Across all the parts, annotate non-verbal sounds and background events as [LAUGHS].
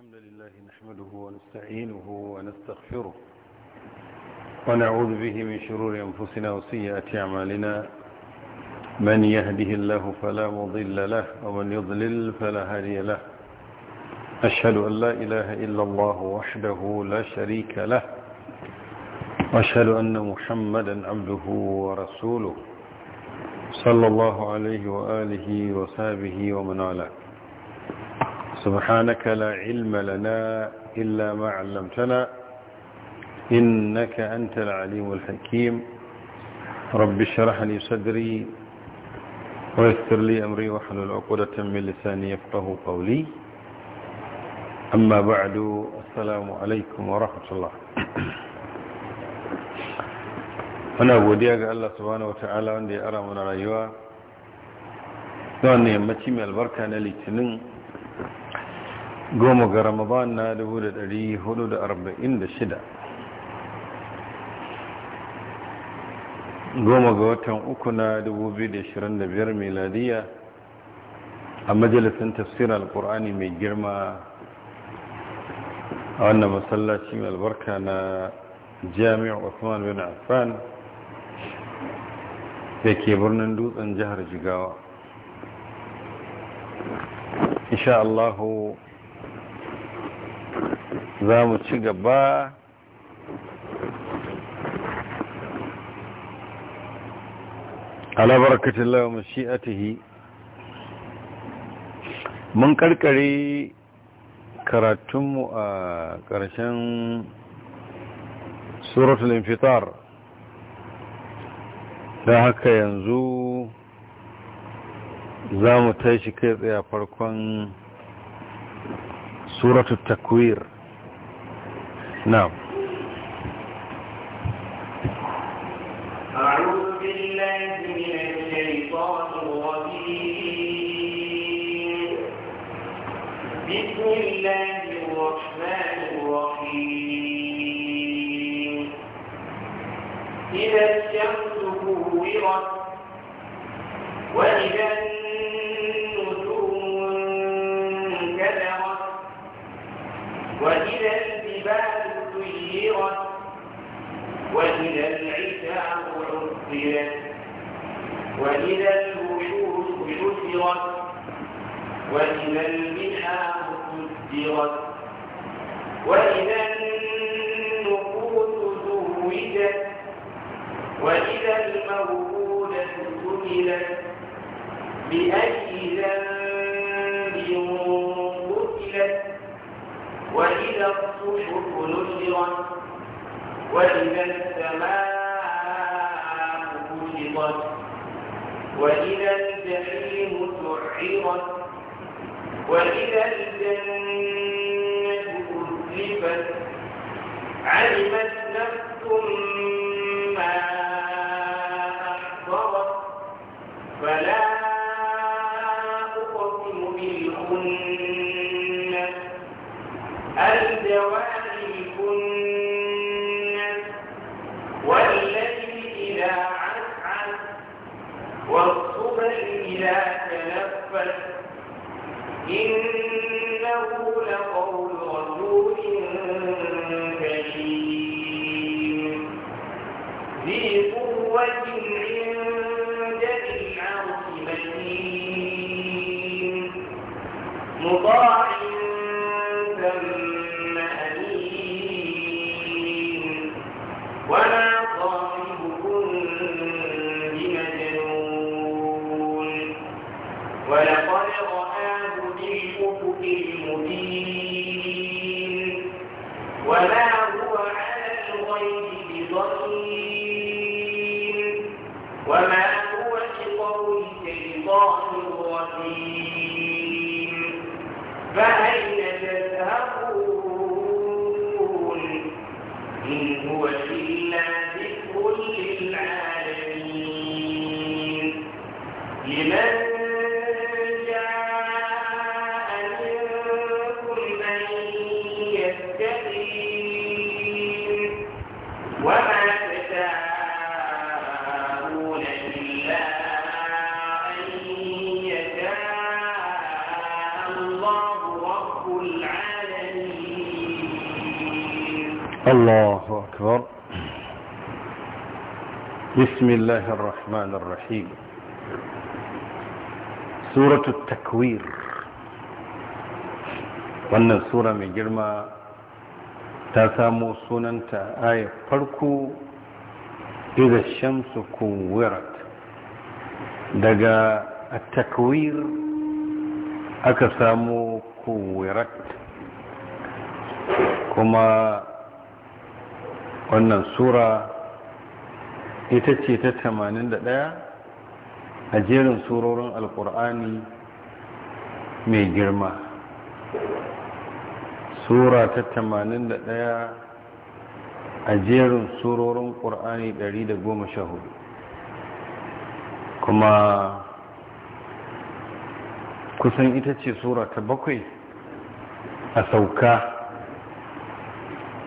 الحمد لله نحمده ونستعينه ونستغفره ونعوذ به من شرور أنفسنا وسيئات أعمالنا من يهده الله فلا مضل له ومن يضلل فلا هادي له أشهد أن لا إله إلا الله وحده لا شريك له وأشهد أن محمدا عبده ورسوله صلى الله عليه وآله وصحبه ومن والاه سبحانك لا علم لنا إلا ما علمتنا إنك أنت العليم الحكيم رب اشرح لي صدري ويسر لي أمري واحلل عقدة من لساني يفقه قولي أما بعد السلام عليكم ورحمة الله muna godiya ga Allah subhanahu wata'ala wanda ya ara mana rayuwa don yammaci mai albarka na litinin goma ga ramadan na 1446 goma ga watan uku na 2025 meladiya a majalisun tafsirin alkur'ani mai girma a wannan masallaci mai albarka na jami'a osman bin affan da ke birnin dutsen jihar jigawa insha'Allahu. za mu ci gaba ala barakatun lawa shi'atihi mun karkare karatunmu a ƙarshen suratul infitar da haka yanzu za mu tashi kai tsaye farkon suratul takwir no. والصبح إذا تنفس إنه بسم الله الرحمن الرحيم سورة التكوير wannan sura mai girma ta samo sunanta aya farko iza shamsu kuwirat daga takwir aka samo kuwirat kuma wannan sura ita ce ta tamanin da ɗaya a jerin surorin alkur'ani mai girma sura ta tamanin da ɗaya a jerin surorin ƙur'ani ɗari da goma sha hudu kuma kusan ita ce sura ta bakwai a sauka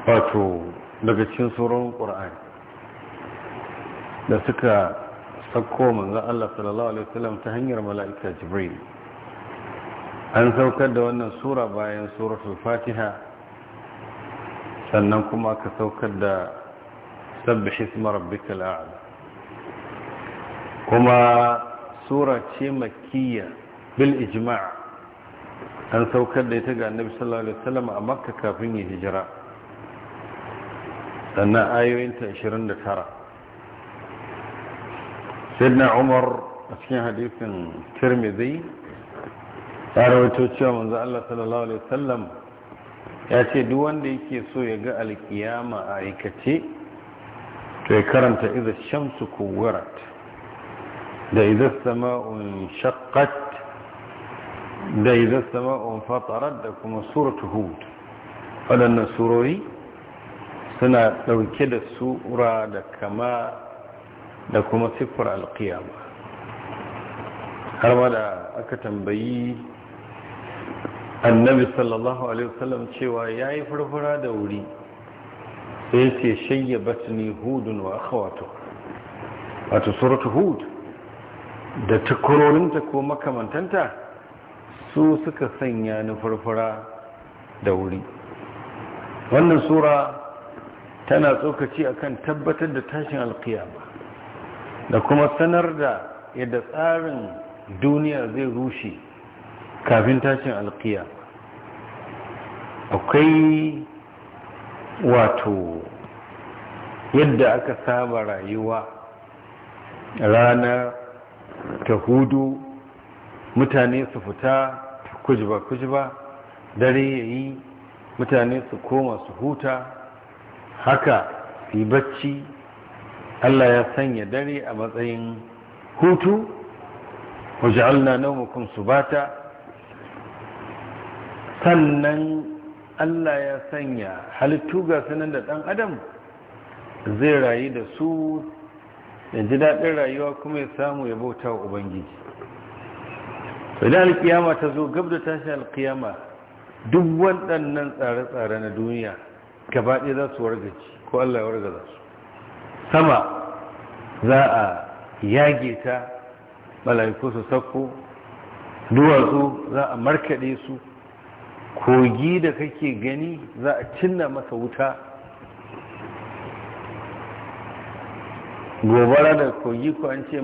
wato daga cin surorin ƙur'ani da suka sauko manzo Allah sallallahu Alaihi wasallam ta hanyar mala'ika jibril an saukar da wannan sura bayan suratul fatiha sannan kuma aka saukar da sabbih isma rabbikal a'la kuma sura ce makkiyya bil ijma' an saukar da ita ga annabi sallallahu alaihi wasallam a makka kafin ya hijira sannan ayoyinta 29 sayyidina umar a cikin hadisin tirmidhi ya rawaito cewa manzo Allah sallallahu alaihi wasallam ya ce duk wanda yake so ya ga alkiyama a aikace to ya karanta idza shamsu kuwarat da idza sama'un shaqqat da idza sama'un fatarat da kuma suratu hud Waɗannan surori suna ɗauke da sura da kama da kuma siffar alkiyama har ma da aka tambayi annabi sallallahu alaihi wasallam cewa ya yi furfura da wuri sai ce shayya batini hudun wa akhawatu wato suratu hud da takwarorinta ko makamantanta su suka sanya ni furfura da wuri wannan sura tana tsokaci akan tabbatar da tashin alkiyama da kuma sanar da yadda tsarin duniya zai rushe kafin tashin alkiya akwai wato yadda aka saba rayuwa ranar ta hudu mutane su fita kujba-kujba, dare ya yi mutane su koma su huta haka su bacci Allah ya sanya dare a matsayin hutu waj'alna nawmakum bata sannan Allah ya sanya halittu ga sanan da dan adam zai rayu da su da ji daɗin rayuwa kuma ya samu ya bauta wa ubangiji idan alkiyama ta zo gab da tashi alkiyama duk waɗannan tsare-tsare na duniya gaba ɗaya za su wargaci ko Allah ya wargaza su sama za a yage ta mala'iku su sakko duwatsu za a markaɗe su kogi da kake gani za a cinna masa wuta gobara da kogi ko an ce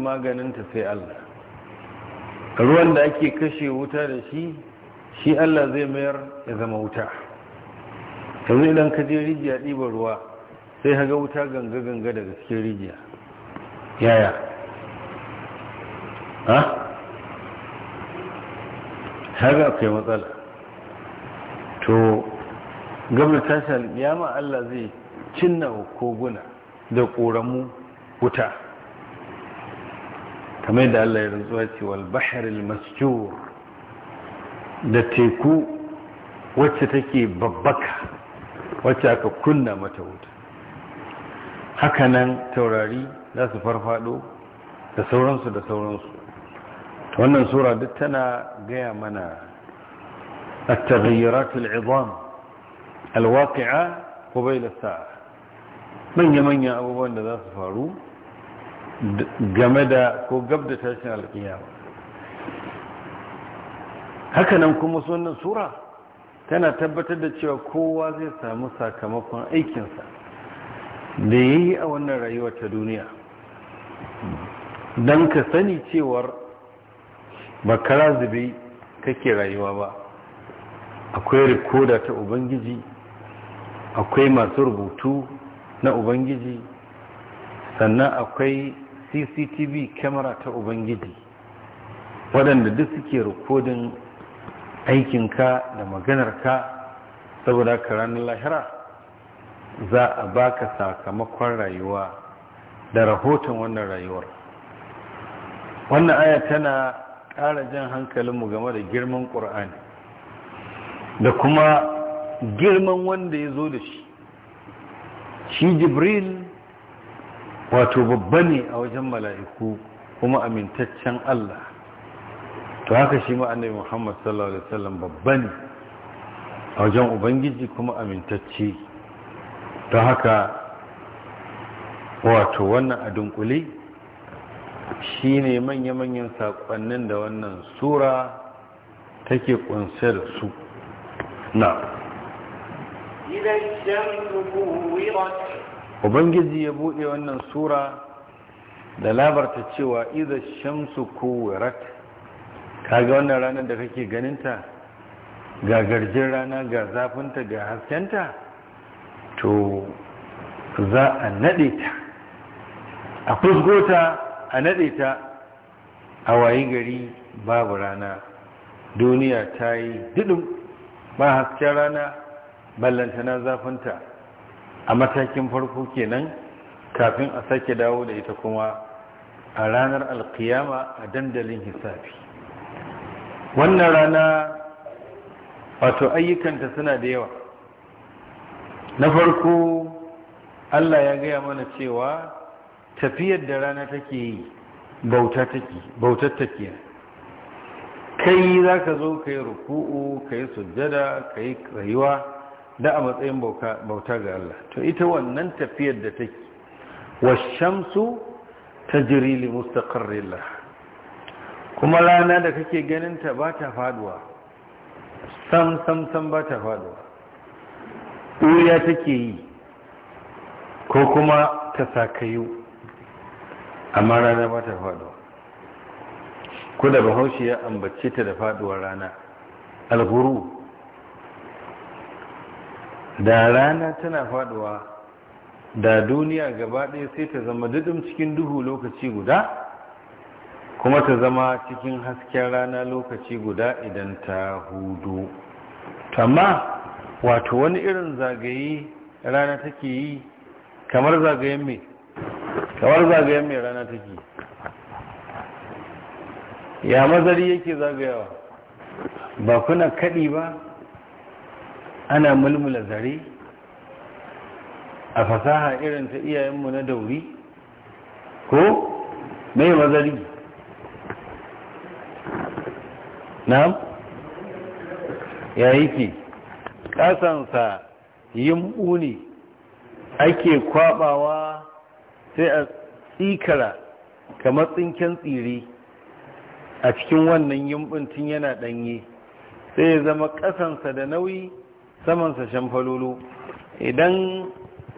ta, sai Allah ruwan da ake kashe wuta da shi shi Allah zai mayar ya zama wuta yanzu idan ka je rijiya ɗiba ruwa sai haga wuta ganga-ganga daga cikin rijiya yaya ha haga akwai matsala to gabar tashi yama Allah zai cinna koguna da ƙoramu wuta kamar da Allah ya rantsuwa ce wal baharil masjur da teku wacce take babbaka wacce aka kunna mata wuta haka nan taurari za su farfado da sauransu da sauransu wannan sura duk tana gaya mana da العظام Manya-manya abubuwan da za su game game da ko gab da tashin haka nan kuma sunan sura tana tabbatar da cewa kowa zai samu sakamakon aikinsa da ya yi a wannan rayuwar ta duniya don ka sani cewar ba kara zube kake rayuwa ba akwai rikoda ta ubangiji akwai masu rubutu na ubangiji sannan akwai cctv kamera ta ubangiji waɗanda duk suke rikodin aikinka da maganarka saboda ka lahira za a baka sakamakon rayuwa da rahoton wannan rayuwar wannan aya tana ƙara jan hankalinmu game da girman ƙur'ani da kuma girman wanda ya zo da shi shi jibril wato babba ne a wajen mala'iku kuma amintaccen Allah to haka shi annabi Muhammad sallallahu Alaihi wasallam babba ne a wajen Ubangiji kuma amintacce To haka wato wannan a dunkule shi ne manya-manyan saƙonnin da wannan sura take ƙunshe da su na ubangiji ya buɗe wannan sura da labarta cewa iza shamsu Ka kaga wannan ranar da kake ganinta ga garjin rana ga zafinta ga haskenta to za a naɗe ta a fusgota a naɗe ta a wayi gari babu rana duniya ta yi duɗin, ba hasken rana ballantana zafinta a matakin farko kenan kafin a sake dawo da ita kuma a ranar alkiyama a dandalin hisabi wannan rana wato ayyukanta suna da yawa na farko allah ya gaya mana cewa tafiyar da rana take yi bautar take kai za ka zo ka yi ruku'u ka yi sujjada ka yi rayuwa da a matsayin bauta ga Allah to ita wannan tafiyar da take washamsu ta jiri li mustaqarrillah kuma rana da kake ganin ta ba ta faduwa sam sam sam ba ta faduwa ɓuya take yi ko kuma ta sakayu amma rana ba ta faduwa ko da bahaushe ya ambace ta da faɗuwa rana alhuru da rana tana faɗuwa da duniya gaba ɗaya sai ta zama duɗin cikin duhu lokaci guda kuma ta zama cikin hasken rana lokaci guda idan ta hudu amma wato wani irin zagaye rana take yi kamar zagayen mai kamar zagayen mai rana take ya mazari yake zagayawa ba kuna kaɗi ba ana mulmula zare a fasaha irin ta iyayenmu na dauri ko mai mazari na Yayi ke. Kasansa yin uni ake kwabawa sai a tsikara kamar tsinken tsire a cikin wannan yimbin tun yana ɗanye sai ya zama ƙasansa da nauyi samansa shamfalolo idan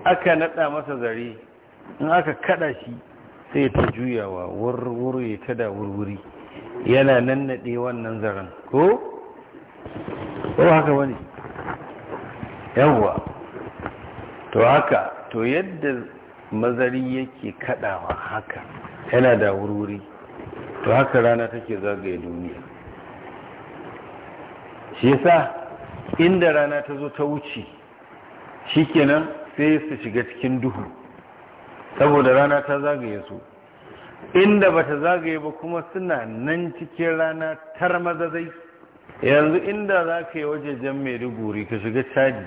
aka naɗa masa zare in aka kaɗa shi sai ta juyawa wurwuri ta da wurwuri yana nannaɗe wannan zaren ko? ko haka wani yawwa to haka to yadda mazari yake kadawa haka yana da wuri to haka rana take zagaye duniya shi yasa inda rana ta zo ta wuce shikenan sai su shiga cikin duhu saboda rana ta zagaye su inda ba ta zagaye ba kuma suna nan cikin rana tar mazazai yanzu inda za ka yi wajejen maiduguri ka shiga caji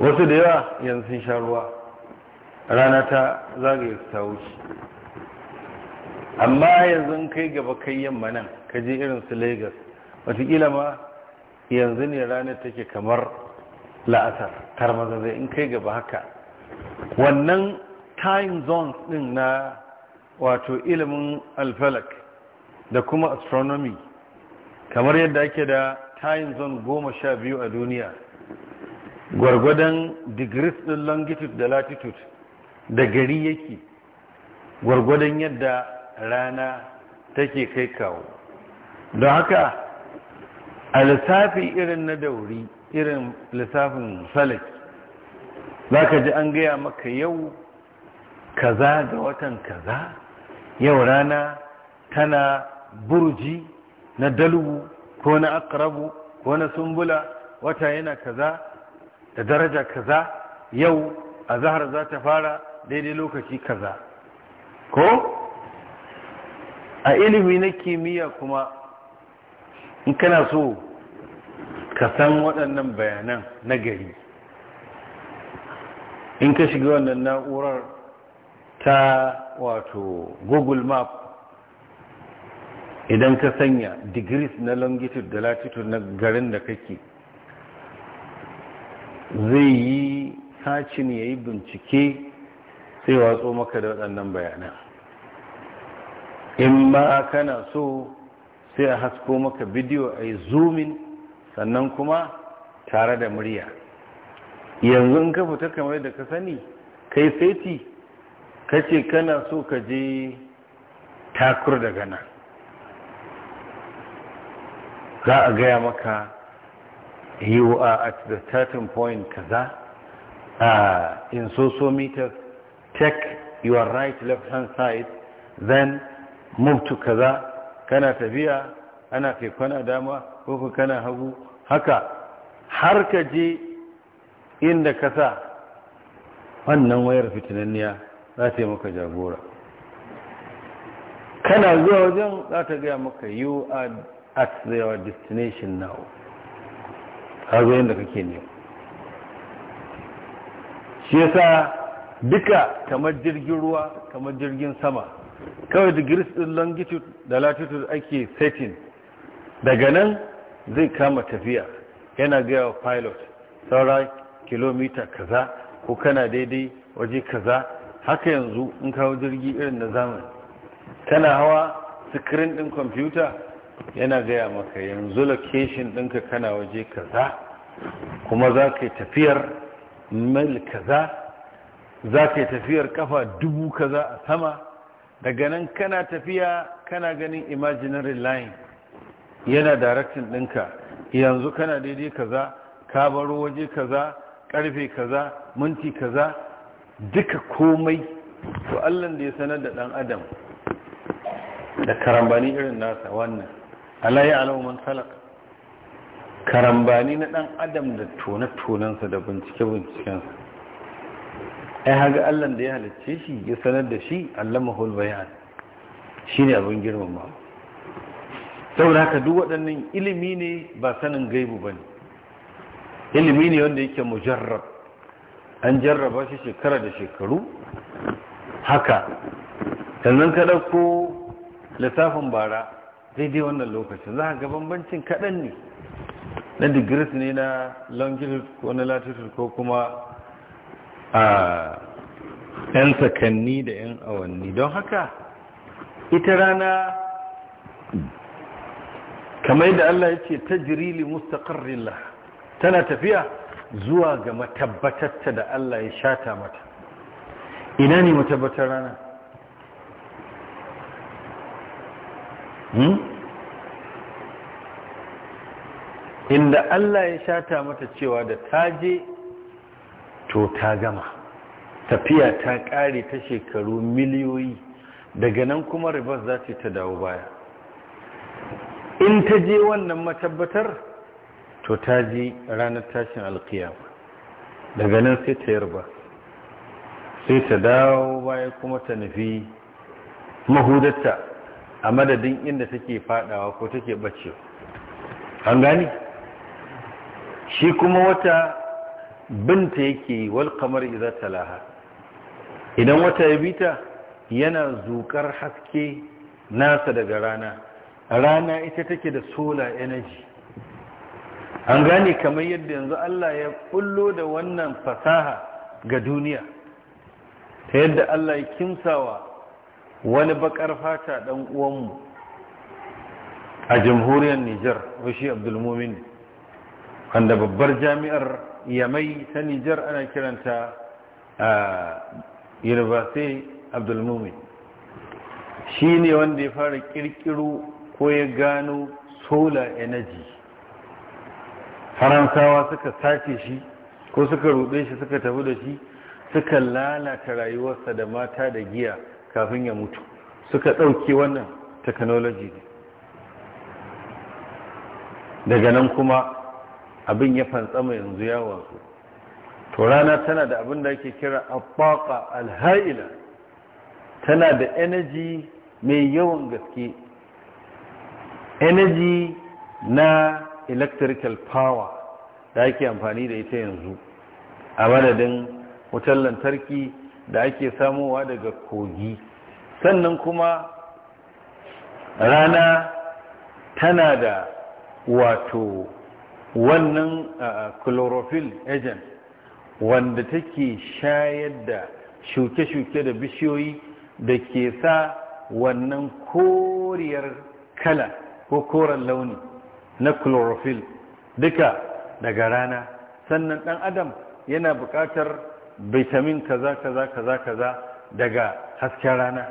wasu da yawa yanzu sun sha ruwa rana ta zagaye ta wuce amma yanzu kai gaba kai yamma nan ka je irin su lagos watakila ma yanzu ne ranar take kamar la'asar tarmazazai in kai gaba haka wannan time zones din na wato ilimin alfalak da kuma astronomy kamar yadda ake da time zone goma sha biyu a duniya gwargwadon degrees din longitude da latitude da gari yake gwargwadon yadda rana take kai kawo don haka a lissafi irin na dauri irin lissafin salik za ka ji an gaya maka yau kaza da watan kaza yau rana tana burji na dalubu ko na akarabu ko na sumbula wata yana kaza da daraja kaza yau a zahar za ta fara daidai lokaci kaza ko a ilimi na kimiyya kuma in kana so ka san waɗannan bayanan na gari in ka shiga wannan na'urar ta wato google map idan ka sanya degrees na longitude da latitude na garin da kake zai yi sacin ya yi bincike sai watso maka da waɗannan bayanan in ma kana so sai a hasko maka bidiyo a yi zoomin sannan kuma tare da murya yanzu in ka fita kamar da ka sani kai saiti ka ce kana so ka je takur daga nan za a gaya maka you are at the starting point kaza a uh, in so meters take your right left hand side then move to kaza kana tafiya ana kai kwana dama ko kana hagu haka har ka je inda ka sa wannan wayar fitinanniya za ta yi maka jagora kana zuwa wajen za ta gaya maka you are at your destination now ka zo inda kake ne shi yasa duka kamar jirgin ruwa kamar jirgin sama kawai degrees din longitude da latitude ake setting daga nan zai kama tafiya yana gaya wa pilot saura kilomita kaza ko kana daidai waje kaza haka yanzu in kawo jirgi irin na zamani kana hawa sikirin din kwamfuta yana gaya maka yanzu location ɗinka kana waje kaza kuma za ka yi tafiyar mil kaza za ka yi tafiyar kafa dubu kaza a sama daga nan kana tafiya kana ganin imaginary line yana direction ɗinka yanzu kana daidai kaza ka baro waje kaza karfe kaza minti kaza duka komai to allon da ya sanar da ɗan adam da karambani irin nasa wannan alayi alamun salak karambani na ɗan adam da tone-tonensa da bincike-bincikensa ai haga Allah da ya halicce shi ya sanar da shi allamahul bayan shine abin girmama saboda haka duk waɗannan ilimi ne ba sanin gaibu ba ne ilimi ne wanda yake mujarrab an jarraba shi shekara da shekaru haka sannan ka ɗauko lissafin bara daidai wannan lokacin za a ga bambancin kaɗan ne na digiris ne na longitude ko na latitude ko kuma a 'yan sakanni da 'yan awanni don haka ita rana kamar da Allah ya ce ta jirili mustaƙarrila tana tafiya zuwa ga matabbatarta da Allah ya shata mata ina ne matabbatar rana hmm? inda Allah ya shata mata cewa da ta je to ta gama tafiya ta ƙare ta shekaru miliyoyi daga nan kuma ribas za ta dawo baya in ta je wannan matabbatar to ta ji ranar tashin alkiyama daga nan sai ta yarba sai ta dawo baya kuma ta nufi mahudarta a madadin inda take fadawa ko take bacewa an gani shi kuma wata binta yake yi wal kamar iza talaha idan wata ya bita yana zukar haske nasa daga rana rana ita take da solar energy an gane kamar yadda yanzu Allah ya kullo da wannan fasaha ga duniya ta yadda Allah ya kimsawa wani bakar fata dan uwanmu a jamhuriyar Nijar washi Abdulmumin wanda babbar jami'ar yamai ta nijar ana kiranta university abdulmumin shi ne wanda ya fara kirkiro ko ya gano solar energy faransawa suka sace shi ko suka rube shi suka tafi da shi suka lalata rayuwarsa da mata da giya kafin ya mutu suka ɗauki wannan technology daga nan kuma abin ya fantsama yanzu ya wasu, to rana tana da abin da ake kira abbaqa alha'ila tana da energy mai yawan gaske energy na electrical power da ake amfani da ita yanzu a madadin wutar lantarki da ake samowa daga kogi sannan kuma rana tana da wato wannan chlorophyll agent wanda take shayar da shuke-shuke da bishiyoyi da ke sa wannan koriyar kala ko koren launi na chlorophyll duka daga rana sannan ɗan adam yana buƙatar vitamin kaza kaza kaza kaza daga hasken rana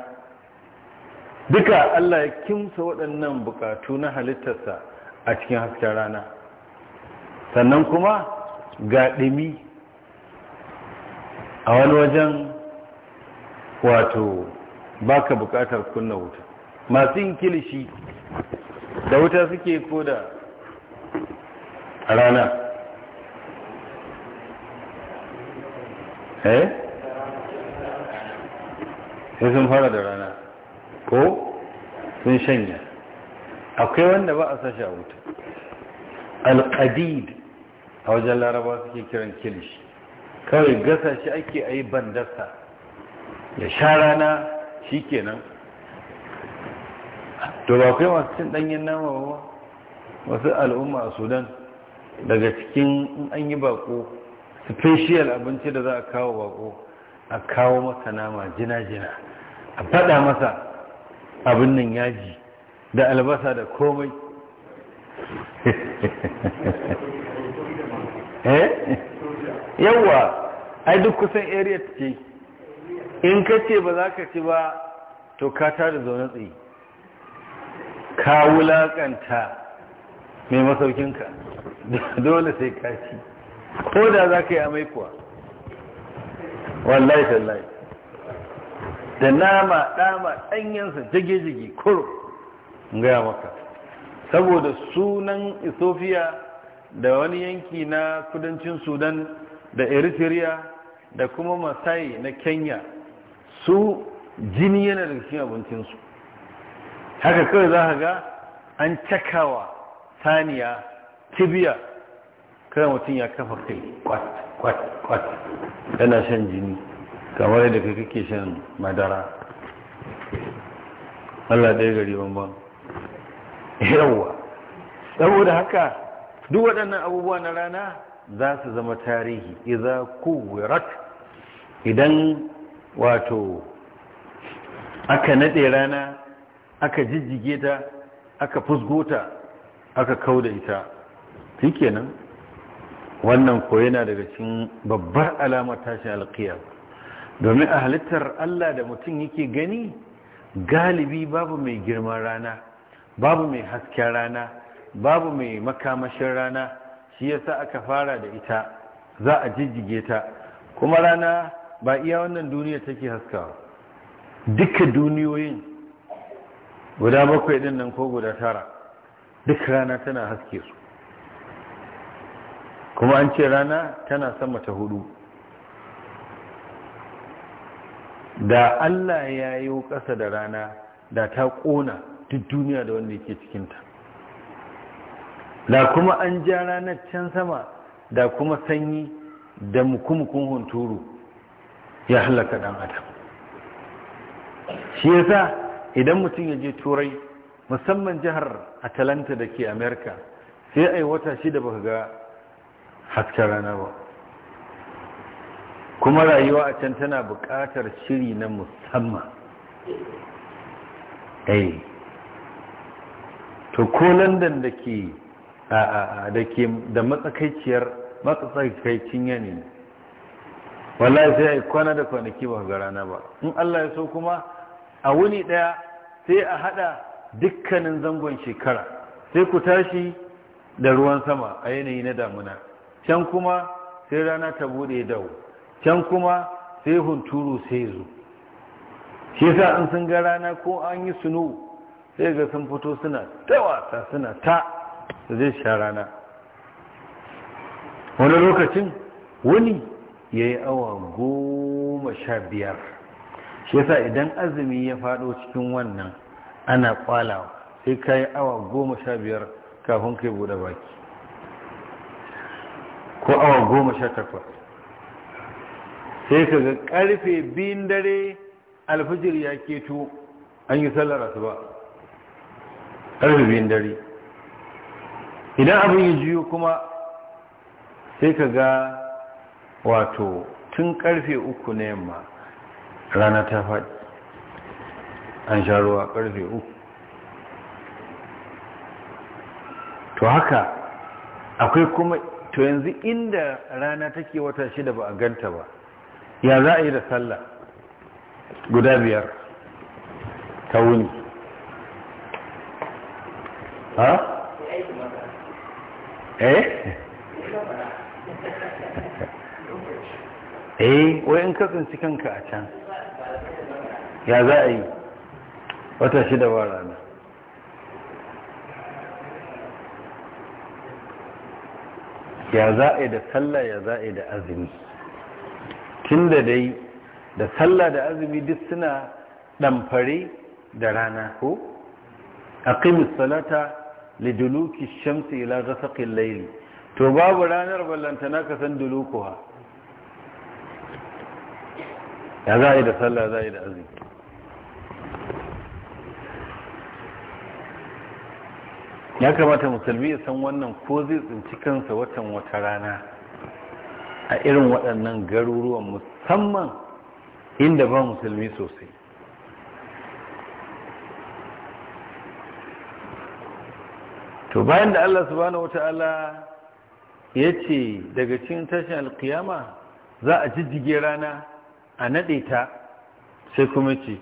duka Allah ya kimsa waɗannan buƙatu na halittarsa a cikin hasken rana sannan kuma ga ɗimi a wani wajen wato baka bukatar kunna wuta masu yin kilishi da wuta suke ko da rana eh sai sun fara da rana ko sun shanya akwai wanda ba a sasha a wuta alƙadid a wajen laraba suke kiran kilishi kawai gasa shi ake ayi yi bandarsa ya sha rana shi kenan to ba kai masu cin ɗanyen nama ba wasu al'umma a sudan daga cikin an yi bako special abinci da za a kawo bako a kawo masa nama jina-jina a faɗa masa abin nan yaji da albasa da komai [LAUGHS] Eh? yawwa ai duk kusan area ce in ka ce ba za ka ci ba to ka tada zaune tsaye ka wulaƙanta mai masaukinka dole sai ka ci ko da za ka yi amai kuwa wallahi tallahi da nama dama ɗanyansa, jage-jage kuro gaya maka saboda sunan isofiya da wani yanki na kudancin sudan da eritrea da kuma masai na kenya su jini yana da cikin abincinsu haka kawai za ka ga an cakawa saniya kibiya kada mutum ya kafa kai kwat kwat kwat yana shan jini kamar yadda kai kake shan madara Allah ɗaya gari banban yawwa saboda haka duk waɗannan abubuwa na rana za su zama tarihi idza kuwirat idan wato aka naɗe rana aka jijjige ta aka fusgota aka kauda ita shikenan wannan ko yana daga cikin babbar alamar tashin alkiyar domin a halittar Allah da mutum yake gani galibi babu mai girman rana babu mai hasken rana babu mai makamashin rana shi yasa aka fara da ita za a jijjige ta kuma rana ba iya wannan duniya take haskawa duka duniyoyin guda bakwai din nan ko guda tara duk rana tana haske su kuma an ce rana tana sama ta hudu da Allah ya yi kasa da rana da ta ƙona duk duniya da wanda yake cikinta da kuma an ja ranar can sama da kuma sanyi da mukumukun hunturu ya halaka dan adam shi yasa idan mutum ya je turai musamman jihar atalanta da ke amerika sai a yi wata shida baka ga hasken rana ba kuma rayuwa a can tana buƙatar shiri na musamman ai eh. to ko london da ke da ke da matsakaiciyar matsakaicin yanayi wallahi sai ai kwana da kwanaki ba ga rana ba in Allah ya so kuma a wuni daya sai a hada dukkanin zangon shekara sai ku tashi da ruwan sama a yanayi na damuna can kuma sai rana ta bude dawo can kuma sai hunturu sai zo shi yasa an sun ga rana ko an yi sunu sai ga sun fito suna ta wasa suna ta zai sha rana wani lokacin wuni ya yi awa goma sha biyar shi yasa idan azumi ya faɗo cikin wannan ana kwalawa sai ka yi awa goma sha biyar kafin kai buɗe baki ko awa goma sha takwas sai ka ga ƙarfe biyun dare alfijir ya keto an yi sallar asuba ƙarfe biyun dare idan abin ya jiyo kuma sai ka ga wato tun karfe uku na yamma rana ta faɗi an sha karfe uku to haka akwai kuma to yanzu inda rana take wata shida ba a ganta ba ya za a yi da sallah guda biyar ta wuni eh eh wai in kasance kanka a can ya za a yi wata shida ba rana ya za a yi da sallah ya za a yi da azumi tun da dai da sallah da azumi duk suna ɗamfare da rana ko kai salata liduluki shamsi ila ghasaqil layli to babu ranar ballantana ka san dulukuha ya za a yi da sallah za a yi da ya kamata musulmi ya san wannan ko zai tsinci kansa watan wata rana a irin waɗannan garuruwan musamman inda ba musulmi sosai to bayan da Allah subhanahu wata'ala ya ce daga cikin tashin alkiyama za a jijjige rana a naɗe ta sai kuma ce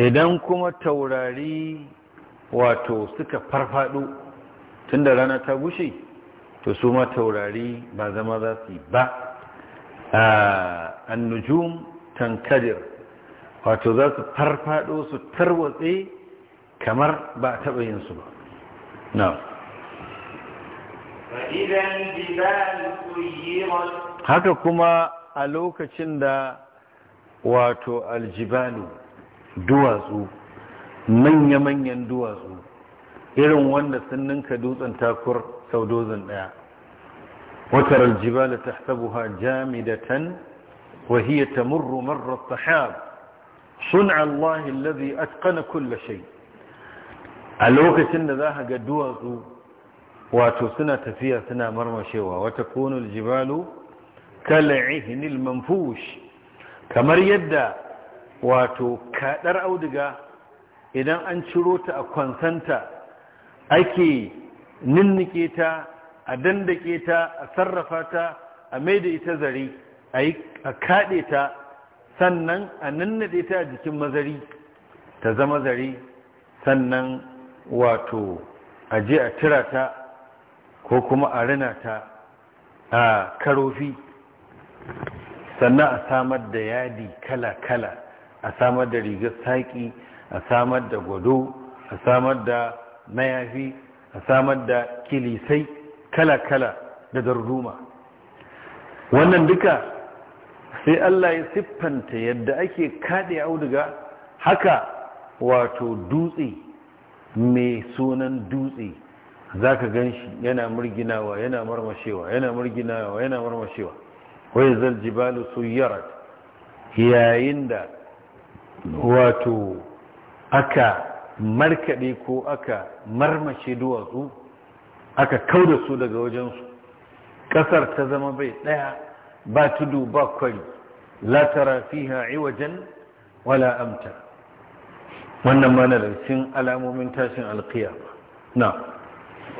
idan kuma taurari wato suka farfado tun da rana ta gushe to su ma taurari ba zama za su yi ba ah, annujum tankadir wato za su farfado su tarwatse kamar ba a taɓa yin su ba na haka kuma a lokacin da wato aljibalu duwatsu manya-manyan duwatsu irin wanda sun ninka dutsen takur sau dozin ɗaya watar Aljibalu ta jami da tan. وهي تمر مر الطحاب صنع الله الذي أتقن كل شيء a lokacin da za a ga duwatsu wato suna tafiya suna marmashewa wata kunul jibalu kal'ihinil Fush. kamar yadda wato kadar auduga idan an ciro ta a kwansanta ake ninnike ta a dandake ta a sarrafa ta a maida ita zare a kaɗe ta sannan a nannade ta a jikin mazari ta zama zari sannan wato a je a tira ta ko kuma a rina ta a karofi sannan a samar da yadi kala-kala a samar da rigar saƙi a samar da gwado a samar da mayafi a samar da kilisai kala-kala da darduma wannan duka sai Allah ya siffanta yadda ake kaɗe auduga haka wato dutse mai sunan dutse za ka gan shi yana murginawa yana marmashewa yana murginawa yana marmashewa wai zaljibalu su yarat yayin da wato aka markaɗe ko aka marmashe duwatsu aka kau da su daga wajensu ƙasar ta zama bai ɗaya ba tudu ba kwari la tara fiha iwajan wala amta wannan mana da cikin alamomin tashin alkiyama na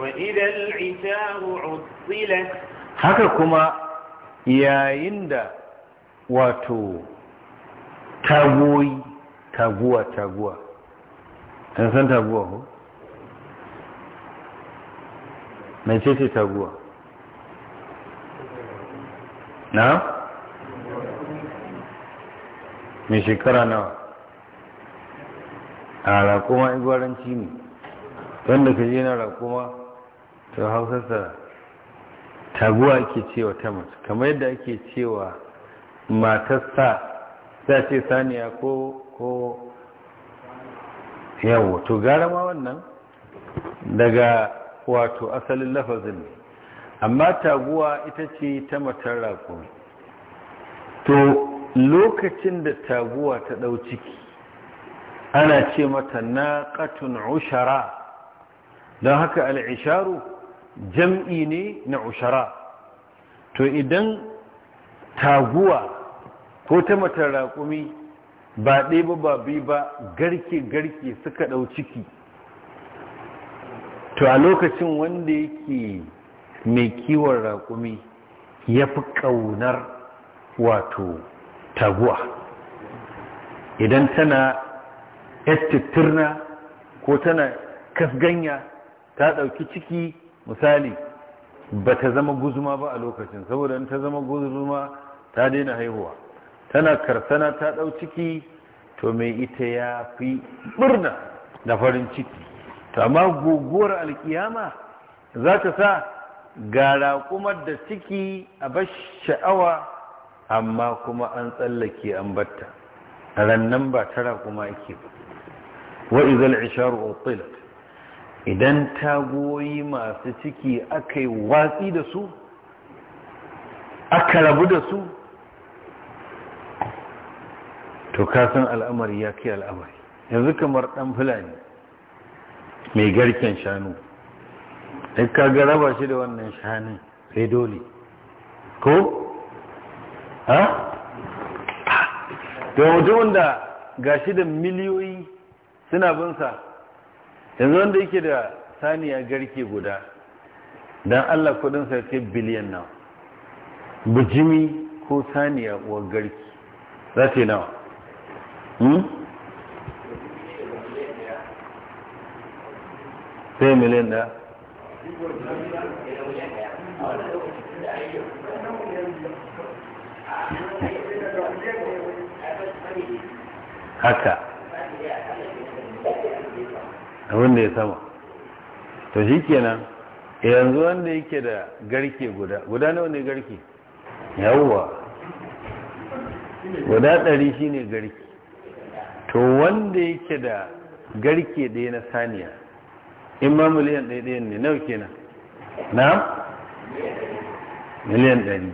wa idan al'itaru utsilat haka kuma yayin da wato tagoyi taguwa taguwa an san taguwa ko? mai ce ce taguwa na mai shekara nawa a rakuma igwaranci ne wanda ka je na rakoma ta hausarsa taguwa ake cewa ta mace kamar yadda ake cewa matarsa za ce saniya ko ko yawo to gara ma wannan daga wato asalin lafazin ne amma taguwa ita ce ta matar raƙumi to lokacin da taguwa ta ɗau ciki ana ce mata na naqatun ushara don haka al'isharu jam'i ne na ushara to idan taguwa ko ta matar raƙumi ba ɗaya ba ba ba garke-garke suka ɗau ciki to a lokacin wanda yake mai kiwon raƙumi ya fi ƙaunar wato taguwa idan tana yattittirna ko tana kasganya ta ɗauki ciki misali ba ta zama guzuma ba a lokacin saboda in ta zama guzuma ta daina haihuwa tana karsana ta ɗau ciki to mai ita ya fi birna da farin ciki to amma guguwar alƙiyama za ta sa gara kuma da ciki a bar sha'awa amma kuma an tsallake an batta rannan ba tara kuma ake wa izal isharu utilat idan tagoyi masu ciki aka yi watsi da su aka rabu da su to kasan al'amari ya kai al'amari yanzu kamar ɗan fulani mai garken shanu in ka ga raba shi da wannan shanin sai ko? ha? to mutumin da ga shi da miliyoyi suna binsa yanzu wanda yake da saniya garke guda don allah kudinsa ya kai biliyan nawa bujimi ko saniya wa garki za ta yi nawa hmm? sai miliyan daya haka abin da ya sama to shi kenan yanzu wanda yake da garke guda guda nawa ne garke yawwa guda ɗari shi ne garke to wanda yake da garke ɗaya na saniya in ma miliyan ɗaya ne nawa kenan na miliyan ɗari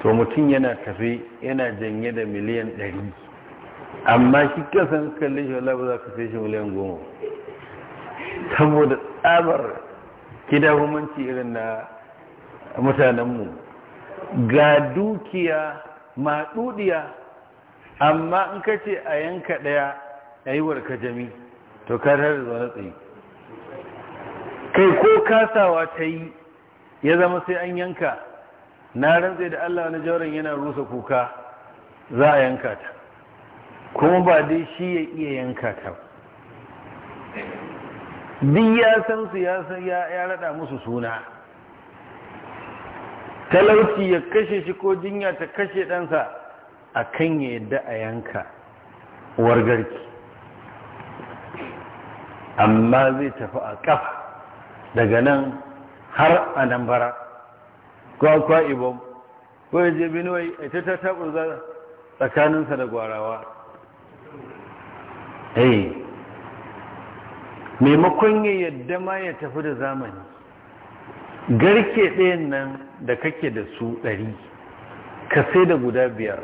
to mutum yana tafe, yana janye da miliyan ɗari amma shi kasan kalle shi wala ba za ka sai shi miliyan goma saboda tsabar gida hukumanci irin na mutanenmu ga dukiya ma maɗuɗiya amma in ka ce a yanka ɗaya a yi warka jami to ka tare da zaune tsaye kai ko kasawa ta yi ya zama sai an yanka na rantse da Allah na jauren yana rusa kuka za a yanka ta kuma ba dai shi ya iya yanka ta din ya san su ya san ya rada musu suna talauci ya kashe shi ko jinya ta kashe ɗansa a kan ya yadda a yanka wargarki amma zai tafi a ƙafa daga nan har a nan bara kwakwa ibom ko yaje je binuwai a ta ta taɓurza tsakaninsa da gwarawa eh maimakon ya yadda ma ya tafi da zamani garke ɗayan nan da kake da su ɗari ka sai da guda biyar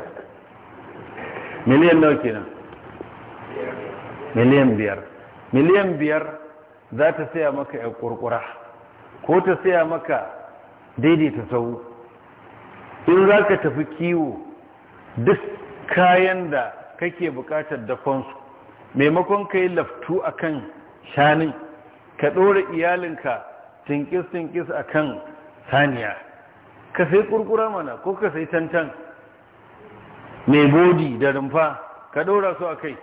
miliyan nauki nan? miliyan biyar miliyan biyar za ta saya maka ya ƙurƙura, ko ta saya maka daidaita sau in za ka tafi kiwo duk kayan da kake buƙatar dafonsu maimakon ka yi laftu a kan shanin ka ɗora iyalinka tinkis-tinkis a kan saniya ka sai ƙurƙura mana ko ka sai tantan mai bodi da rumfa ka ɗora su a kai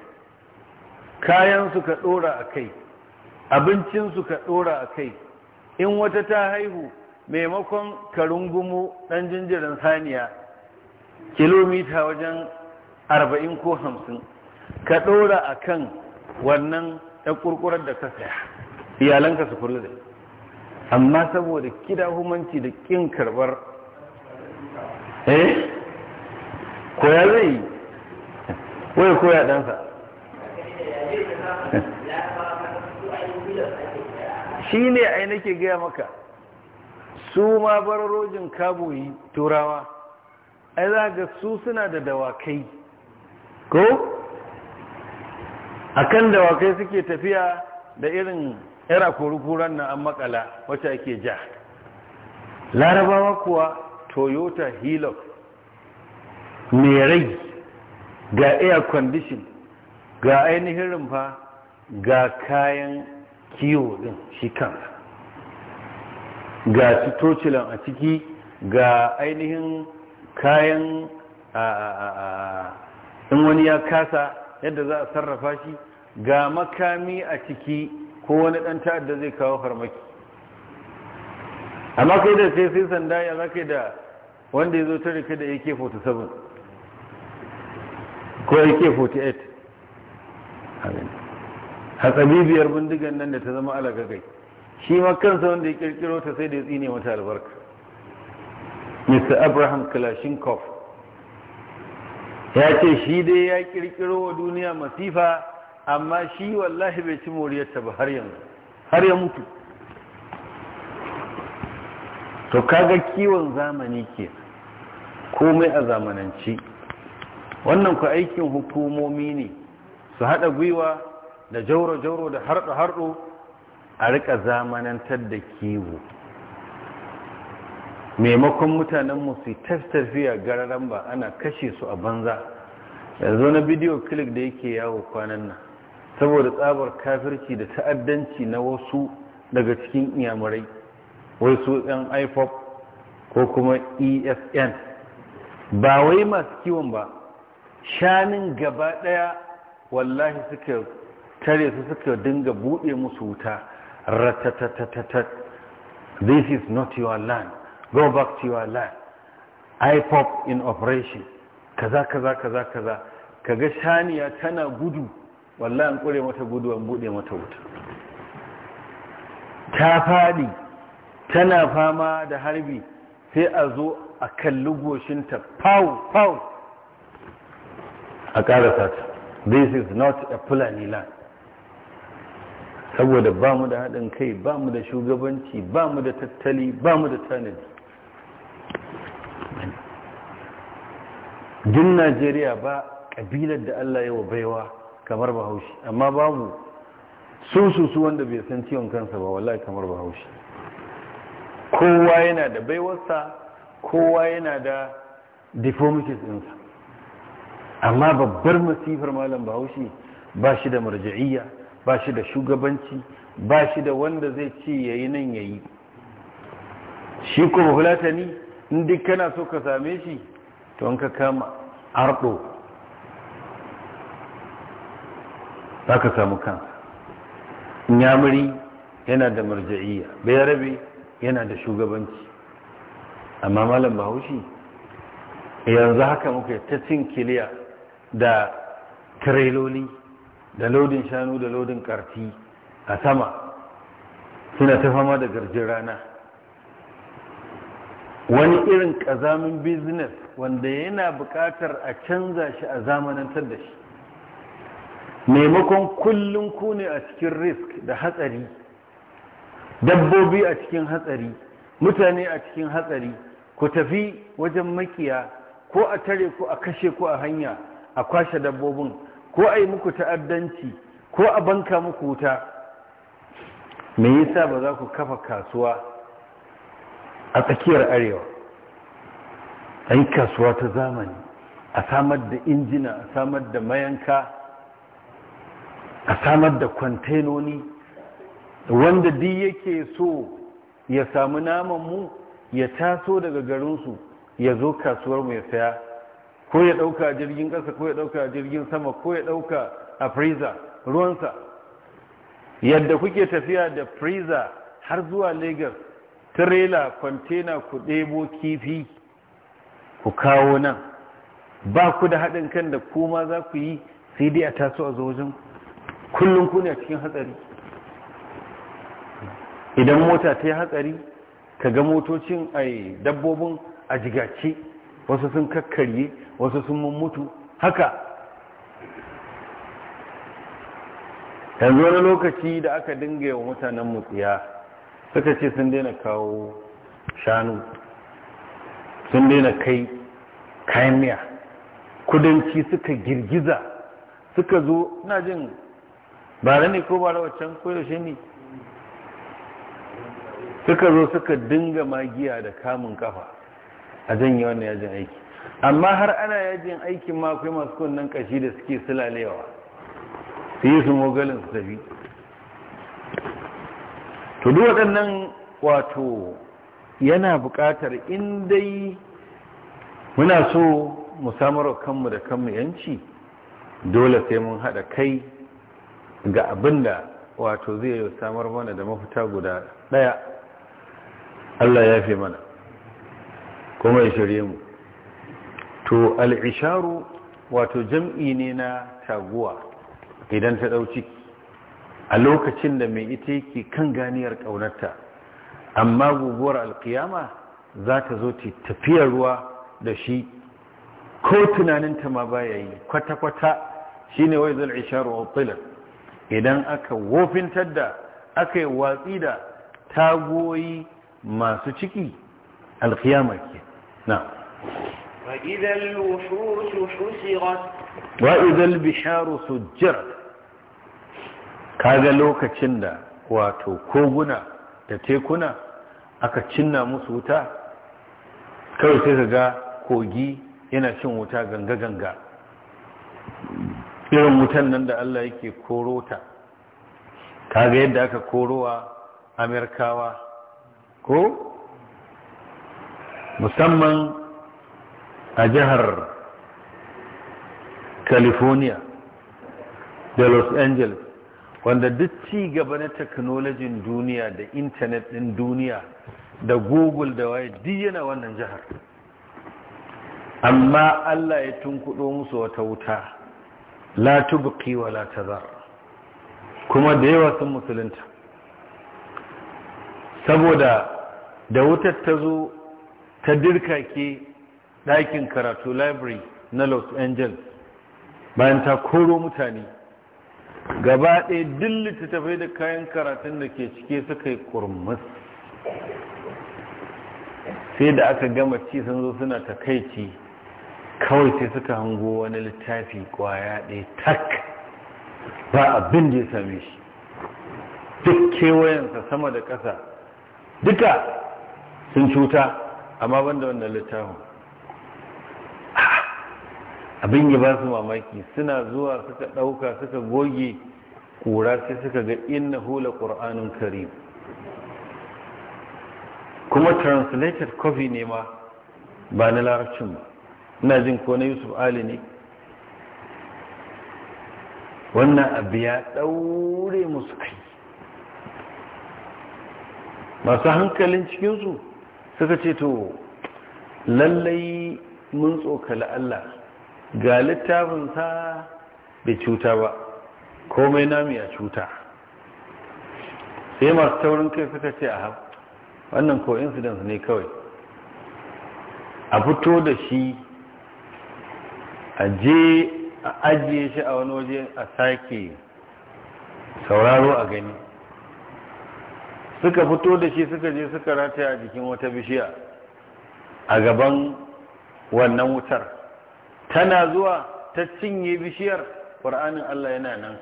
Kayan su ka ɗora a kai abincinsu ka ɗora a kai in wata ta haihu maimakon ka rungumo ɗan jinjirin saniya kilomita wajen arba'in ko hamsin ka ɗora a kan wannan ɗan ƙurƙurar da kasa saya iyalanka su kula da amma saboda kida humanci da ƙin karɓar eh koya zai yi wai koya ɗansa shi ne ai nake gaya maka su ma bararojin kaboyi turawa ai za ga su suna da dawakai ko akan dawakai suke tafiya da irin yara kurukuran na an makala wacce ake ja larabawa kuwa toyota hilux merai rai ga air condition ga ainihin rumfa ga kayan kiwo ɗin shi kansa ga tocilan a ciki ga ainihin kayan in wani ya kasa yadda za a sarrafa shi ga makami a ciki ko wani dan ta'adda zai kawo farmaki amma kai da sai sai sanda ya zaka da wanda ya zo ta rike da AK47 ko AK48 hatsabibiyar bindigan nan da ta zama alagagai shi ma kansa wanda ya kirkiro ta sai da ya tsine mata albarka mr abraham kalashnikov ya ce shi dai ya kirkiro wa duniya masifa amma shi wallahi bai ci moriyarta ba har yanzu har ya mutu to kaga kiwon zamani ke komai a zamananci wannan ku aikin hukumomi ne su haɗa gwiwa da jauro-jauro da harɗo-harɗo a rika zamanantar da kiwo maimakon mutanen mutanenmu su tafiya gararan ba ana kashe su a banza yanzu na bidiyo clip da yake yawo kwanan nan saboda tsabar kafirci da ta'addanci na wasu daga cikin iyamurai wai su yan ipop ko kuma ESN. ba wai masu kiwon ba shanin gaba ɗaya, wallahi suka tare su suka dinga buɗe musu wuta ratatatatat this is not your land go back to your land ipop in operation kaza kaza kaza kaza kaga shaniya tana gudu wallahi an kure mata gudu an buɗe mata wuta ta faɗi tana fama da harbi sai a zo a kalli goshinta pow pow a ƙarasa ta this is not a fulani land saboda ba mu da haɗin kai ba mu da shugabanci ba mu da tattali ba mu da tanadi jin najeriya ba ƙabilar da allah yawa baiwa kamar bahaushe amma babu sun susu wanda bai san ciwon kansa ba wallahi kamar bahaushe kowa yana da baiwarsa kowa yana da deformities ɗinsa amma babbar masifar malam bahaushe ba shi da marja'iyya ba shi da shugabanci ba shi da wanda zai ce ya yi nan ya yi shi kuma in duk kana so ka same shi to an ka kama arɗo za ka samu kansa nyamuri yana da marja'iyya bayarabe yana da shugabanci amma malam bahaushe yanzu haka muka ta cin kiliya da kareloli da lodin shanu da lodin karti a sama suna ta fama da garjin rana wani irin ƙazamin biznes wanda yana bukatar a canza shi a zamanantar da shi maimakon kullum ku ne a cikin risk da hatsari dabbobi a cikin hatsari mutane a cikin hatsari ku tafi wajen makiya ko a tare ku a kashe ku a hanya a kwashe dabbobin ko a yi muku ta'addanci ko a banka muku wuta me yasa ba za ku kafa kasuwa a tsakiyar arewa a yi kasuwa ta zamani a samar da injina a samar da mayanka a samar da kwantenoni wanda di yake so ya samu namanmu ya taso daga garinsu ya zo kasuwar mu ya saya ko ya ɗauka a jirgin ƙasa ko ya ɗauka a jirgin sama ko ya ɗauka a ruwan ruwansa yadda kuke tafiya da freezer har zuwa lagos tirela kwantena ku ɗebo kifi ku kawo nan ba ku da haɗin kan da kuma za ku yi sai dai a taso a zojin kullum ku ne a cikin hatsari idan mota ta yi hatsari ka ga motocin a dabbobin a jigace wasu sun kakkarye wasu sun mummutu haka yanzu wani lokaci da aka dinga yawan mutanen mutsiya suka ce sun daina kawo shanu sun daina kai kayan miya kudanci suka girgiza suka zo na jin bara ne ko wacan waccan koyaushe ne suka zo suka dinga magiya da kamun kafa a janye wannan yajin aiki amma har ana yajin aikin ma akwai masu kunnen kashi da suke sulalewa su yi su mogalin su tafi to duk waɗannan wato yana buƙatar in dai muna so mu samarwa kanmu da kanmu yanci dole sai mun haɗa kai ga abin da wato zai yi samar mana da mafita guda ɗaya Allah ya fi mana kuma ya shirye mu to al'isharu wato jam'i ne na taguwa idan ta ɗau a lokacin da mai ita yake kan ganiyar ƙaunarta amma guguwar alƙiyama za ta zo ta tafiyar ruwa da shi ko tunaninta ma baya yi kwata-kwata shi ne wai zal'isharu a tsilar idan aka wofintar da aka yi watsi da tagoyi masu ciki alkiyama ke نعم وإذا الوحوش حسرت kaga lokacin da wato koguna da tekuna aka cinna musu wuta kawai sai ka ga kogi yana cin wuta ganga-ganga irin wutan nan da Allah yake koro ta kaga yadda aka korowa amerikawa ko musamman a jihar california da los angeles wanda duk ci gaba na teknolojin duniya da intanet din duniya da google da waye duk yana wannan jihar amma allah ya tunkuɗo musu wata wuta la tubqi wa la tazar kuma da yawa sun musulunta saboda da wutar ta zo ta dirkake ɗakin karatu library na los angeles bayan ta koro mutane gaba ɗaya duk littattafai da kayan karatun da ke cike suka yi kurmus sai da aka gama ci sun zo suna takaici kawai sai suka hango wani littafi kwaya ɗaya tak ba abin da ya same shi duk kewayensa sama da ƙasa duka sun cuta amma banda wannan littafin abin ya ba su mamaki suna zuwa suka ɗauka suka goge ƙura sai suka ga inna hula ƙur'anun karim kuma translated coffee ne ma ba na larabcin ba ina jin ko na yusuf ali ne wannan abu ya ɗaure musu kai masu hankalin cikinsu suka ce to lallai mun tsokali Allah ga littafinsa bai cuta ba komai nami ya cuta sai masu taurin kai suka ce a wannan ko incident ne kawai a fito da shi a je a ajiye shi a wani waje a sake sauraro a gani suka fito da shi suka je suka rataya a jikin wata bishiya a gaban wannan wutar tana zuwa ta cinye bishiyar ƙur'anin Allah yana nan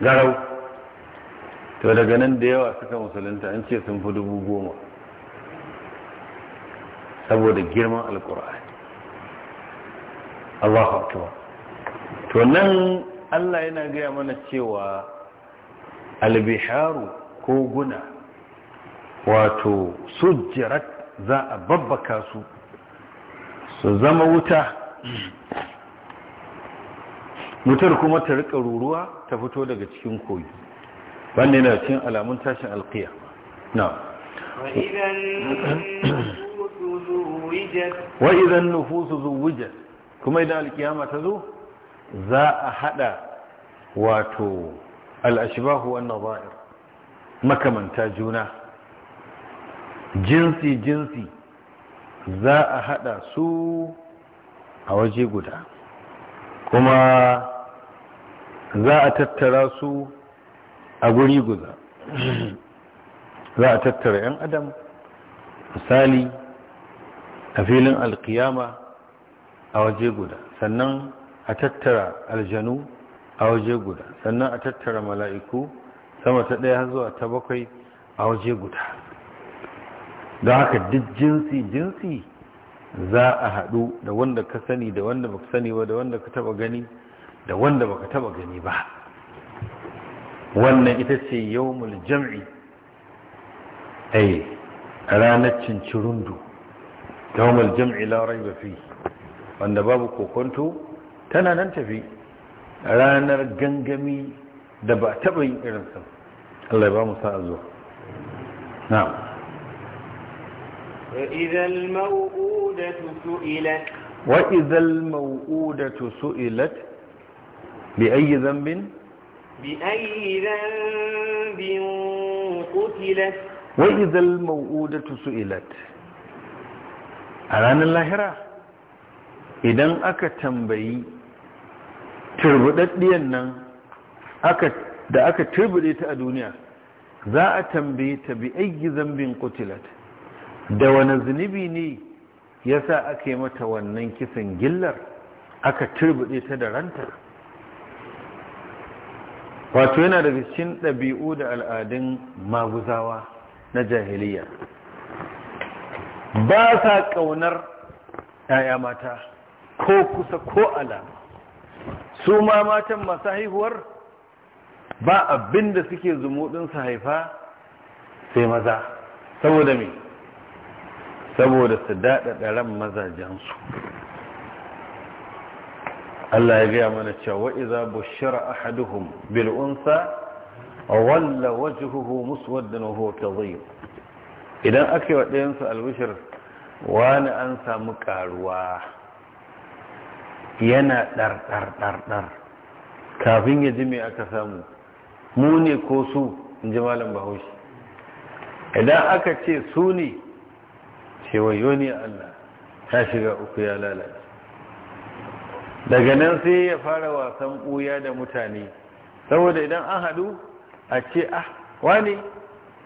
garau to daga nan da yawa suka musulunta an ce sun fi dubu goma saboda girman alƙur'ani Allah akbar to nan Allah yana gaya mana cewa albiharu ko guna. wato sujjarat za a babbaka su su zama wuta wutar kuma ta rika ruruwa ta fito daga cikin koyi wanda yana cikin alamun tashin alkiya na Wa su nufusu zuwujar kuma idan alkiyama ta zo za a hada wato al'ashibahu wannan ba'ir makamanta juna jinsi jinsi za a hada su a waje guda kuma za a tattara su a guri guda [CLEARS THROAT] za a tattara 'yan adam misali a filin alkiyama a waje guda sannan a tattara aljanu a waje guda sannan a tattara mala'iku sama ta ɗaya zuwa ta bakwai a waje guda don haka duk jinsi jinsi za a haɗu da wanda ka sani da wanda baka sani ba da wanda ka taba gani da wanda baka taba gani ba wannan ita ce yawmul jam'i ai ranar cincirundu yawmul jam'i la raiba fi wanda babu kokonto tana nan tafi ranar gangami da ba taba yin irinsa Allah ya ba mu sa'a zuwa na'am وإذا الموؤودة سئلت وإذا الموؤودة سئلت بأي ذنب بأي ذنب قتلت وإذا الموؤودة سئلت أران a ranar lahira idan aka tambayi turbuɗaɗɗiyan أكا da aka turbuɗe ta a duniya za a tambaye ta bi aiki zambin kutilata da wani zunubi ne ya sa aka yi mata wannan kisan gillar aka turbuɗe ta da ranta wato yana da cikin ɗabi'u da al'adun maguzawa na jahiliya ba sa ƙaunar ‘ya'ya mata ko kusa ko alama su ma matan masu haihuwar ba abinda suke zumuɗin su haifa sai maza saboda mai saboda su daɗaɗa ran mazajensu Allah ya gaya mana cewa iza bushira ahaduhum bil unsa walla wajhuhu muswaddan wa huwa kadhib idan aka wa ɗayan su albishir wani an samu karuwa yana dar dar dar dar kafin ya ji me aka samu mu ne ko su in ji malam bahaushe idan aka ce su ne ce wayo Allah ta shiga uku ya lalace daga nan sai ya fara wasan ɓuya da mutane saboda idan an haɗu a ce ah wani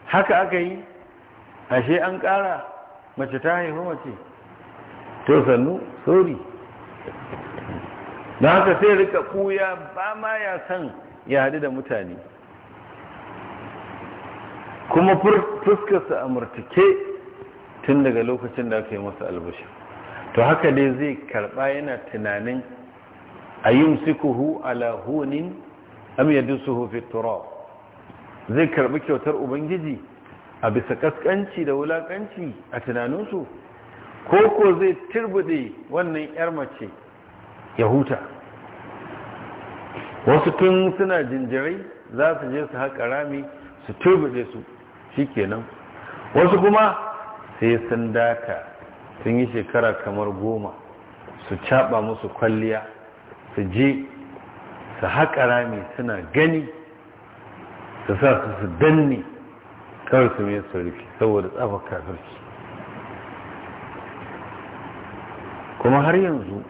haka aka yi ashe an ƙara mace ta haifu mace to sannu sori don haka sai rika ɓuya ba ma ya san ya haɗu da mutane kuma fuskarsa a murtuke tun daga lokacin da aka yi masa albashi to haka dai zai karba yana tunanin a yin sikuhu ala hunin am yadusuhu fi turab zai karbi kyautar ubangiji a bisa kaskanci da wulakanci a tunaninsu ko ko zai turbude wannan yar mace ya huta wasu tun suna jinjirai za su je su haƙa rami su turbude su shi kenan wasu kuma sai sun daka sun yi shekara kamar goma su caɓa musu kwalliya su je su haƙa rami suna gani su sa su su danne kawai su mai sauriki saboda tsafa kafirci kuma har yanzu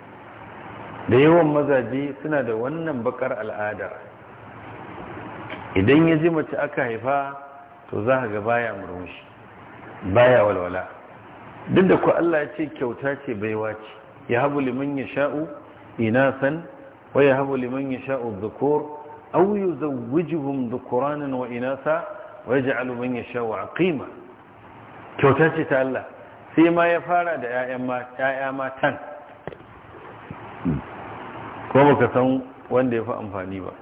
da yawan mazaje suna da wannan bakar al'ada idan ya ji mace aka haifa to za ga baya murmushi baya walwala duk da ku Allah ya ce kyauta ce baiwa ce ya habu liman ya sha'u inasan wa ya habu liman ya sha'u dhukur aw yuzawwijuhum dhukuranan wa inasa wa yaj'alu man ya sha'u aqima kyauta ce ta Allah sai ma ya fara da ƴaƴa matan ko baka san wanda ya fi amfani ba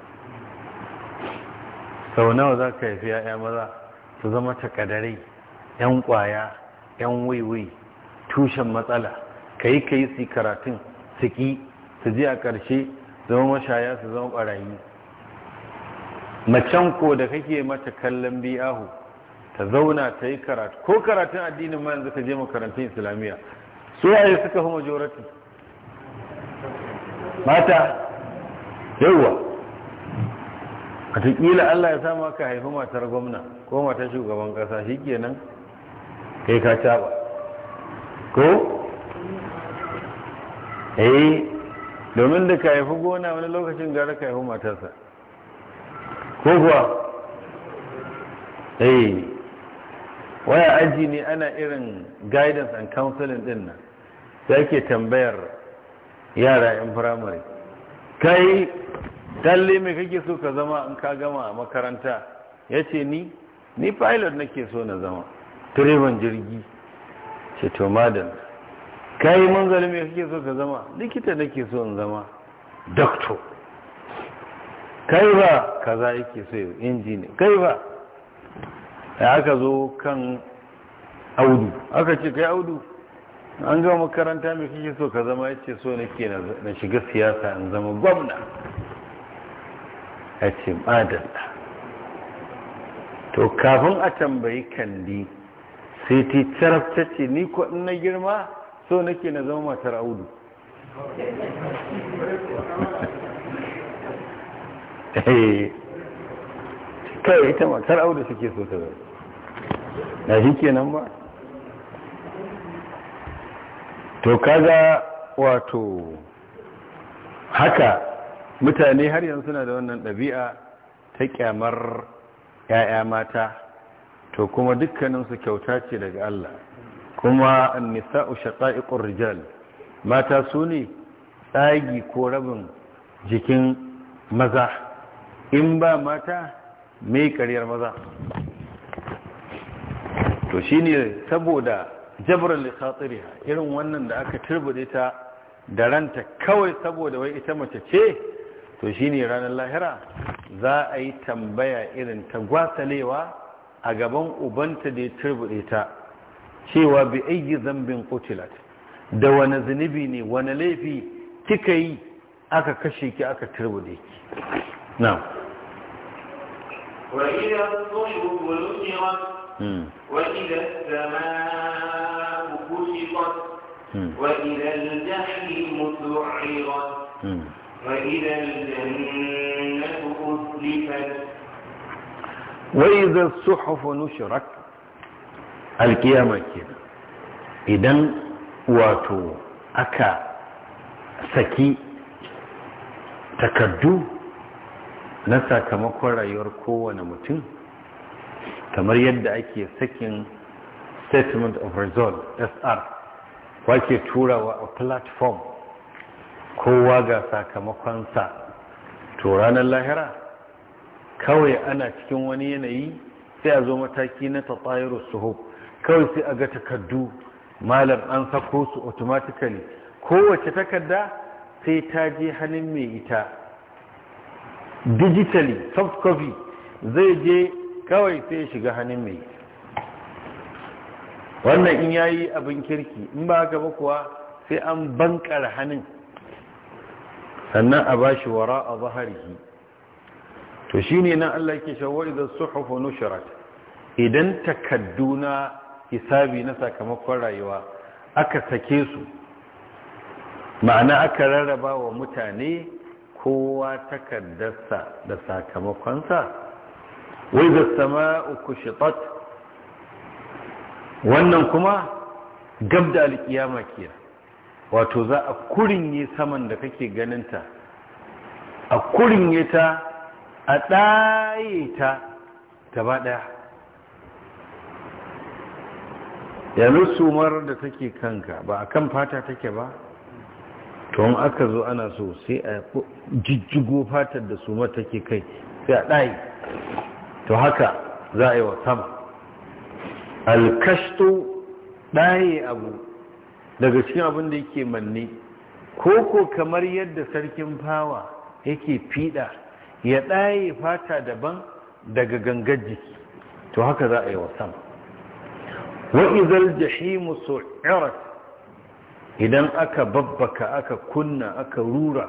sau nawa za ka haifi ƴaƴa maza su zama takadarai 'yan ƙwaya 'yan waiwai tushen matsala ka yi ka yi su karatun su ƙi su ji a ƙarshe zama mashaya su zama ɓarayi macen ko da kake mata kallon biyahu ta zauna ta yi karatu ko karatun addinin ma yanzu ka je makarantun islamiyya su waye suka fi majorati mata yauwa tukila allah ya sa aka haifi matar gwamna ko matar shugaban ƙasa shi kenan kai ka caba ko eh domin da ka haifi gona wani lokacin gara ka haifi matarsa ko kuwa eh waya aji ne ana irin guidance and counseling din nan sai ke tambayar yara 'yan firamare kai talle mai kake so ka zama in ka gama a makaranta ya ce ni ni pilot nake so na zama direban jirgi ce to madam kai mun zalme kake so ka zama likita nake so in zama doctor kai ba kaza yake so yau injini kai ba da aka zo kan audu aka ce kai audu an gama makaranta mai kike so ka zama yace so nake na shiga siyasa in zama gwamna a ce madalla to kafin a tambayi kandi sai ta ce ni ko in na girma so nake na zama matar audu eh, kai ita matar audu suke so ta zama na shi kenan ba to kaga wato haka mutane har yanzu suna da wannan ɗabi'a ta kyamar 'ya'ya mata to kuma dukkaninsu kyauta ce daga Allah kuma nisa'u shaqa'iqur rijal mata su ne tsagi ko rabin jikin maza in ba mata mai kariyar maza to shine saboda jabral khatiriha irin wannan da aka turbude ta da ranta kawai saboda wai ita mace ce to shine ranar lahira za a yi tambaya irin ta gwasalewa a gaban ubanta da ya turbuɗe ta cewa bi aiki zambin kotilat da wani zunubi ne wani laifi kika yi aka kashe ki aka turbuɗe ki na وإذا وإذا السماء كشطت وإذا الجحيم سعرت وإذا الجنة wai za su hafa nushirat alkiyama idan wato aka saki takardu na sakamakon rayuwar kowane mutum kamar yadda ake sakin statement of result sr wake turawa a platform kowa ga sakamakonsa to ranar lahira kawai ana cikin wani yanayi sai a zo mataki na su suhub kawai sai a ga takardu malam an sako su automatically kowace takarda sai ta je hannun mai ita digitally soft copy zai je kawai sai shiga hannun mai wannan in yayi abin kirki in ba haka ba kuwa sai an bankar hannun sannan a ba shi wara a zaharihi to shine nan Allah ke shawar da suhufu nushirat idan takadduna hisabi na sakamakon rayuwa aka sake su ma'ana aka rarraba wa mutane kowa takaddarsa da sakamakonsa wai da sama'u kushitat wannan kuma gab da kiya wato za a kurinye saman da kake ganinta a kurinye ta a ɗaye ta gaba ɗaya yanzu sumar da take kanka ba a kan fata take ba tun aka zo ana so sai a jijjigo fatar da sumar take kai sai a ɗaye to haka za a yi wa sama alkashto ɗaye abu daga cikin abin da yake manne ko ko kamar yadda sarkin fawa yake fiɗa ya ɗaye fata daban daga gangar jiki to haka za a yi wa sama wa'izar jahimu su'irat idan aka babbaka aka kunna aka rura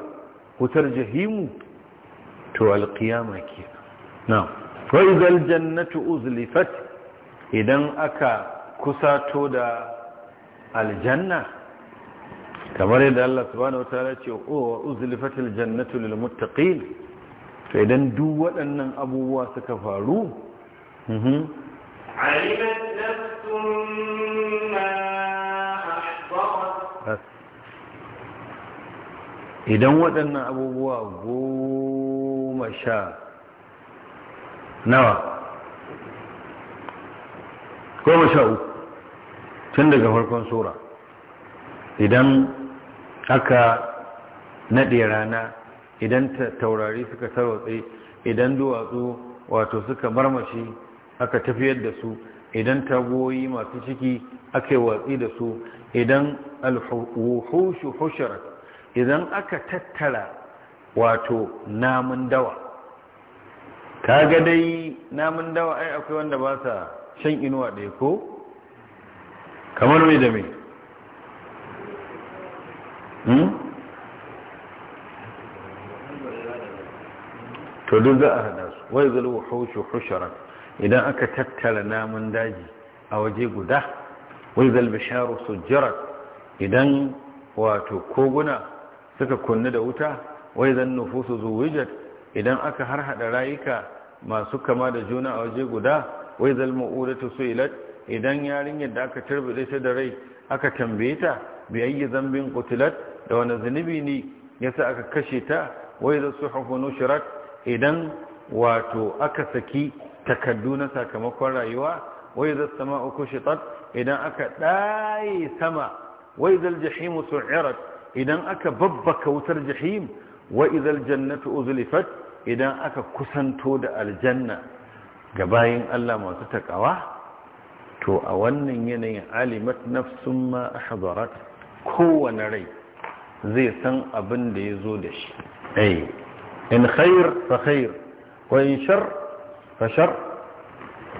wutar jahimu to alƙiyama ke na wa'izar jannatu uzlifat idan aka kusato da aljanna kamar yadda Allah subhanahu wa ta'ala ce o oh, uzlifatil jannatu lil sai don duk waɗannan abubuwa suka faru mhm. idan waɗannan abubuwa goma sha nawa goma sha uku tun daga farkon sura idan aka naɗe rana idan taurari suka tarotse idan duwatsu wato suka marmashi aka tafiyar da su idan tagoyi masu ciki aka yi watsi da su idan alhuhushu hushara idan aka tattara wato namun dawa kaga dai namun dawa ai akwai wanda ba sa shan inuwa ɗaya ko kamar mai da mai to duk za a hada su wai zulu hushu husharan idan aka tattara namun daji a waje guda wai su sujjarat idan wato koguna suka kunni da wuta wai zan nufusu zuwijat idan aka har hada rayuka masu kama da juna a waje guda wai zalma'udatu su'ilat idan yarinyar da aka turbide ta da rai aka tambaye ta biyayyi zambin qutilat da wani zunubi ne yasa aka kashe ta wai za suhufu nushirat idan wato aka saki takardu na sakamakon rayuwa wai zai sama uku shitat idan aka ɗaye sama wai zal jahimu su'irat idan aka babbaka wutar jahim wa idal jannatu uzlifat idan aka kusanto da aljanna ga bayin Allah masu takawa to a wannan yanayin alimat nafsun ma ahdarat kowane rai zai san abin da ya zo da shi eh. in khair fa khair wa in shar fa shar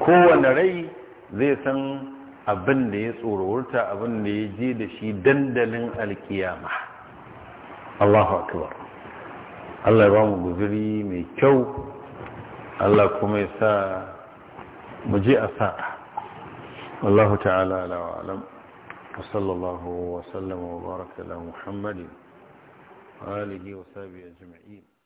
kowane rai zai san abin da ya tsororta abin da ya je da shi dandalin alkiyama Allahu akbar Allah ya ba mu mai kyau Allah kuma ya sa mu je a sa'a alam تعالى على وعلم وصلى الله وسلم وبارك على محمد وآله وصحبه أجمعين